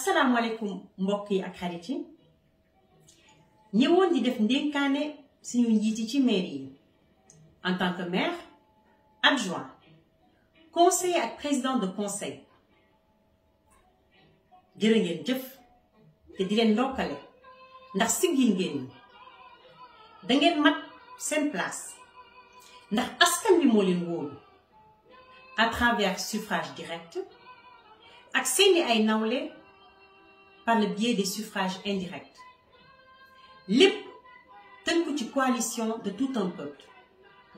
asalaamaaleykum mbokk yi ak xarit yi di def ndénkaane en tant que maire adjoint conseiller ak président de conseil jërë ngeen jëf te di leen ndokkale ndax siggil ngeen da place ndax askan bi à travers suffrage direct ak seeni ay le biais des suffrages indirects lépp coalition de tout un peuple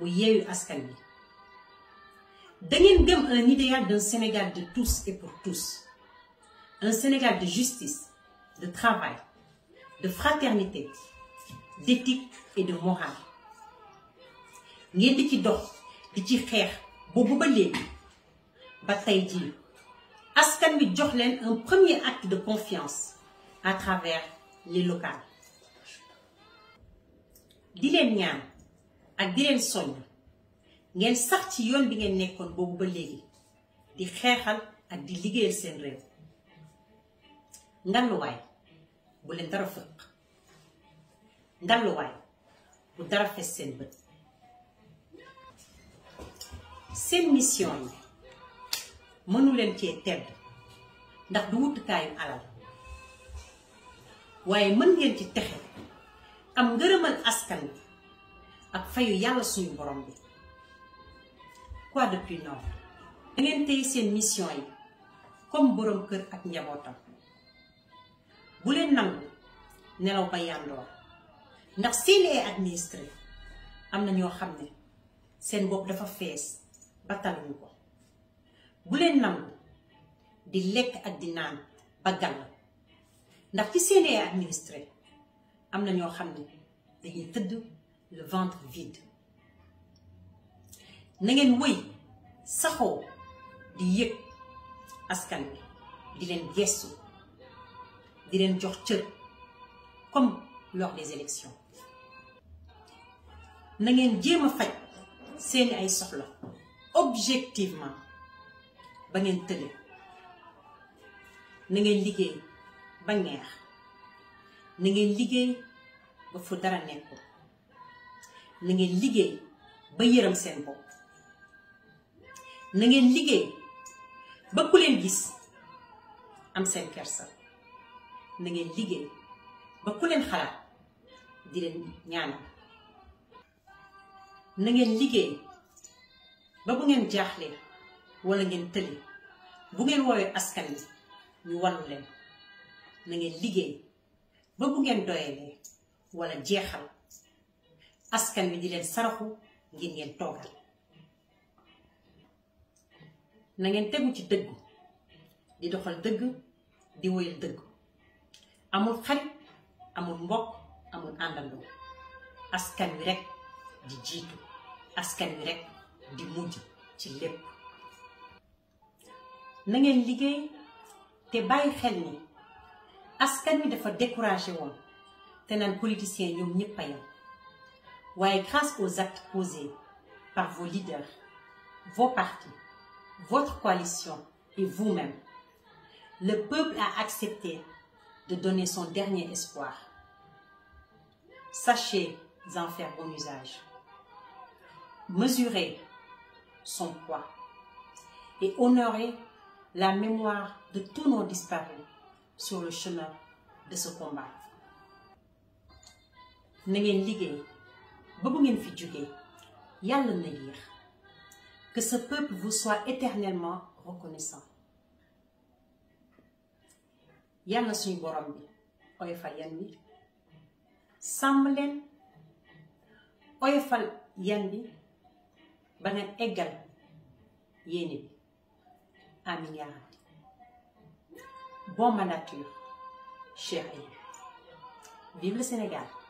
mu yeeyu askan wi da un idéal d'un Sénégal de tous et pour tous un Sénégal de justice de travail de fraternité d'éthique et de morale ngeen ci dox ci xeex askan bi jox len un premier acte de confiance à travers les locales di len ñaan ak di len soññ ngeen sax ci yoon bi ngeen nekkoon bobu ba légui di xéxal ak di liggéeyal seen réew way bu leen dara fëq way bu dara seen mission yi mënuleen leen cee tedd ndax du wutukaayu alal waaye mën ngeen ci texe am ngërëmal askan bi ak fayu yàlla suñu borom bi quoi de plus tey seen mission yi comme borom kër ak njabootam bu leen nangu nelaw ba yàndoor ndax seeni ay administré am na ñoo xam ne seen bopp dafa fees ba taluñu ko bulen leen di lek ak di naan ba gàll ndax ci seen administré amna na ñoo xam ne dañuy tëdd le ventre vide na ngeen wëy saxoo di yëg askan bi di leen gestu di leen jox cër comme lors des élections na ngeen jéem a faj seeni ay soxla objectivement ba ngeen tële na ngeen liggéey ba ngeex na ngeen liggéey ba fu dara nekkul na ngeen liggéey ba yërëm seen bopp na ngeen liggéey ba ku gis am seen kersa na ngeen liggéey ba ku leen xalaat di leen na ngeen liggéey ba bu ngeen jaaxlee wala ngeen tële bu ngeen woowee askan wi ñu wallu leen na ngeen liggéey ba bu ngeen doyelee wala jeexal askan wi di leen saraxu ngir ngeen toogal na ngeen tegu ci dëgg di doxal dëgg di woyal dëgg amul xarit amul mbokk amul àndandoo askan wi rekk di jiitu askan wi rekk di mujj ci lépp na ngeen xel ni askan dafa découragé woon politiciens ñoom ñëpp a grâce aux actes posés par vos leaders vos partis votre coalition et vous-même le peuple a accepté de donner son dernier espoir sachez en faire bon usage mesurez son poids et honorez la mémoire de tous nos disparus sur le chemin de ce combat na ngeen vous vous fi que ce peuple vous soit éternellement reconnaissant Yalla suñu borom bi oyofal yan bi sàmm leen oyofal egal bi améliorer. Bon ma nature, chérie. Vive le Sénégal.